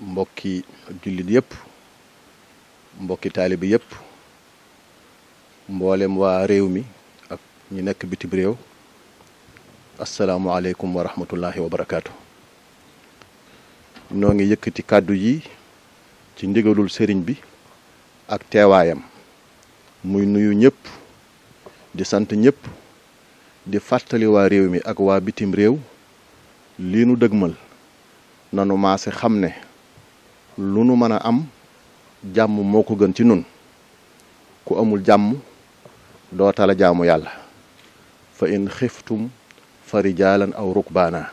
mbokki jullit yépp mbokki taalibi yépp mboolem waa réew mi ak ñi nekk bitim réew asalaamualeykum wa rahmatullahi wa barakaatu. noo ngi yëkkati kàddu yi ci ndigalul sëriñ bi ak teewaayam muy nuyu ñépp di sant ñépp di fàttali waa réew mi ak waa bitim réew lii nu dëgmal nanu maase xam ne lu nu mën a am jàmm moo ko gën ci nun ku amul jàmm doo tala jaamu yàlla fa in xiftum fa rijaalan aw rukbaana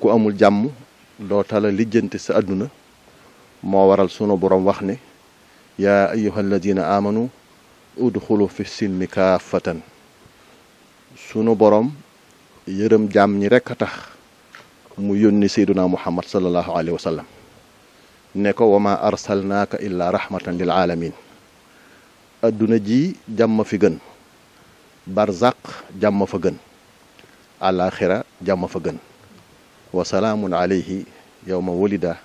ku amul jàmm doo tala lijjanti sa àdduna moo waral sunu boroom wax ne yaa ayuha alladina amanu udxulu fi silmi kaafatan sunu boroom yërëm jàmm ñi rekk a tax mu yónni seyduna muhammad sallallahu alayhi wa sallam ne ko wama arsalnaaka illa rahmatan lil aalamin adduna ji jàmm fi gën barzaq jàmm fa gën alaxira jàmm fa gën wa salaamun alayhi yowma wulida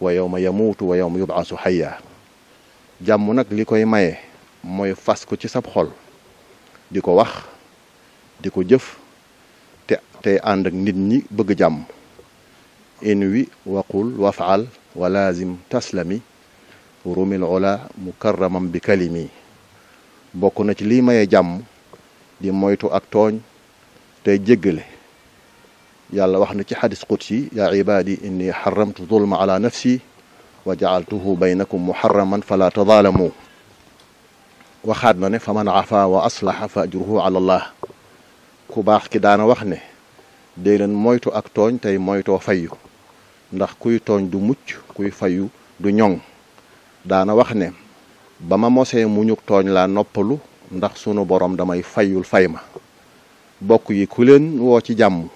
wa yowma yamuutu wa yowma yubaasu xayya jàmm nag li koy maye mooy fas ko ci sab xol di ko wax di ko jëf te tey ànd ak nit ñi bëgg jàmm inwi waqul wafal wa laazim taslami rumil ola mukarramam bi kalimi bokk na ci lii maye jàmm di moytu ak tooñ tey jéggale yàlla wax na ci xadis qudsi yaa ibaadi inni xaramtu zulma ala nafsi wa jacaltuhu baynakum muharraman fala tadaalamu waxaat na ne fa man afa wa aslaha fa ajruhu ala ku baax ki daana wax ne dee leen moytu ak tooñ tey moytoo fayyu ndax kuy tooñ du mucc kuy fayu du ñoŋ daana wax ne ba ma mosee muñu tooñ laa noppalu ndax sunu borom damay fayul fay ma bokk yi ku leen woo ci jàmm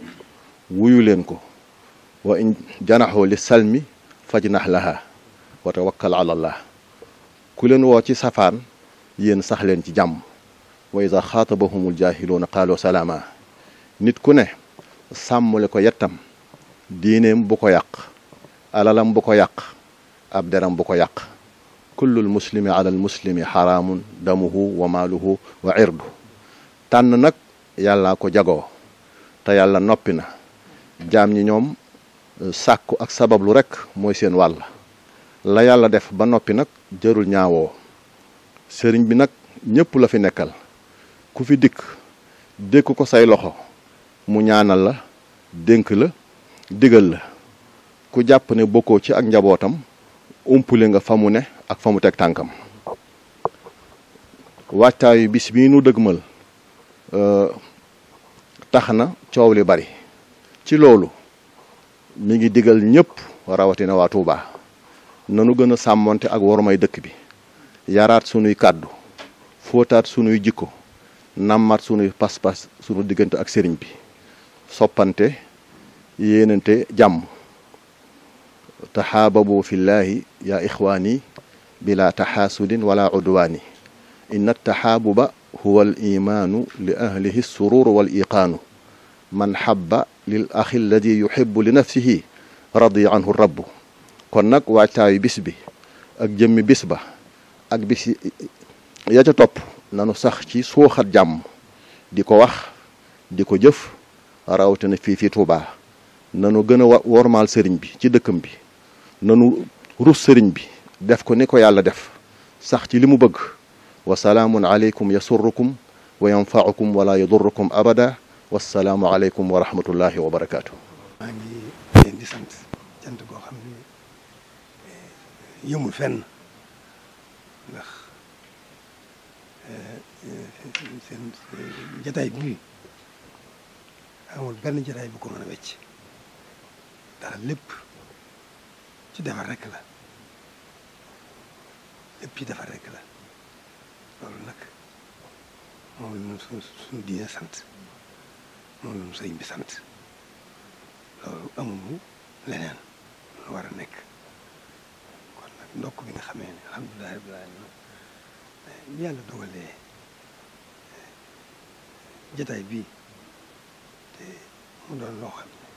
wuyu leen ko wa in janaxoo li salmi fajnax laha wa tawakkal ala la ku leen woo ci safaan yéen sax leen ci jàmm sax wa ida xaatabahumul jaahiluuna qaalu salaama nit ku ne sàmmule ko yettam diineem bu ko yàq alalam bu ko yàq ab deram bu ko yàq kullul muslimi ala al muslimi xaraamun damuhu wa maaluhu wa irdu tànn nag yàllaa ko jagoo te yàlla noppi na jaam ñi ñoom euh, sàkku ak sabablu rekk mooy seen wàll la yàlla def ba noppi nag jërul ñaawoo sëriñ bi nag ñépp la fi nekkal ku fi dikk dékk ko say loxo mu ñaanal la dénk la digal la ku jàpp ne bokkoo ci ak njabootam umpule nga fa mu ne ak fa mu teg tànkam waajtaayu bis bii nu dëgmal euh, tax na coow li bari ci loolu mi ngi digal ñëpp rawatina waa Touba nanu gën a sàmmonte ak wormay dëkk bi yaraat sunuy kàddu fóotaat sunuy jikko nammaat sunuy pas-pas sunu diggante ak sëriñ bi soppante yéenante jàmm taxaababu fillaahi yaa ixwaani bila taxaasudin wala udwaani inna taxaabuba huwa al imaanu li ahlihi sururu wal man xabba lil axi alladi yuxibu li nafsihi radiya anhu rabbu kon nag waajtaayu bis bi ak jëmmi bis ba ak bis ya ca topp nanu sax ci suuxat jàmm di ko wax di ko jëf rawatina fii fii Tuubaa nanu gën a wormaal sëriñ bi ci dëkkam bi nanu rus sëriñ bi def ko ni ko yàlla def sax ci li mu bëgg wa salaamun aleykum yasurrukum wa yanfaukum wala yadurrukum abada wasalaamu aleykum wa rahmatullahi wa barakaatu. maa ngi leen di sant jant goo xam ne eh, fenn ndax eh, seen bi amul benn jataay bu ci defar rek la lépp ci defar rek la loolu nag moom la ñu suñu suñu diine sant moom la ñu sëñ bi sant loolu amuñu leneen lu war a nekk kon nag ndokk bi nga xamee ne alhamdulilah rabbil alamin bi yàlla dogalee jataay bii te mu doon loo xam ne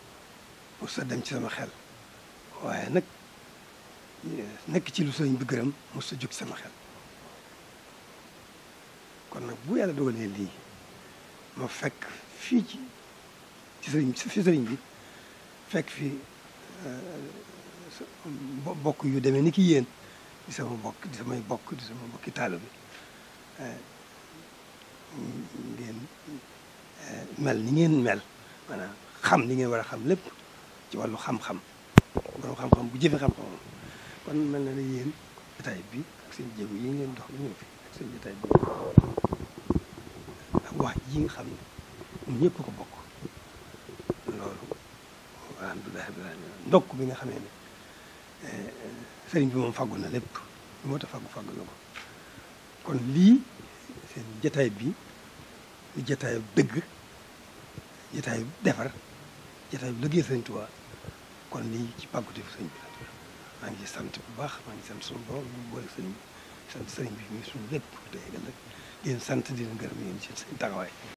pour sa dem ci sama xel waaye nag nekk ci lu sëriñ bi gërëm mos sa jóg sama xel kon nag bu yàlla dogalee lii ma fekk fii ci ci sëriñ fi bi fekk fi euh, bokk yu demee ni ki yéen di sama bokk di samay bokk di sama bokki taalo bi euh, ngeen euh, mel ni ngeen mel maanaam xam ni ngeen war a xam lépp ci wàllu xam-xam borom xam-xam bu jëfe xam-xam kon mel na ne yéen jotaay bi ak seen jéego yi ngeen dox ñu ngi fi ak seen jotaay bi nga xam ne ñun ñëpp ko bokk loolu alhamdulilah bi ndokk bi nga xam ne eh, sëriñ bi moom faggu na lépp moo tax faggu faggu ko kon lii seen jotaay bi lu jotaayu dëgg jotaayu defar jotaayu liggéey sëriñ Tuubaa kon lii ci pàggute fi sëriñ bi maa ngi sant bu baax maa ngi sant suñu borom ñu boole sëriñ bi sant sëriñ bi muy suñu lépp tey ëllëg sant di leen gërëm yéen ci seen taxawaay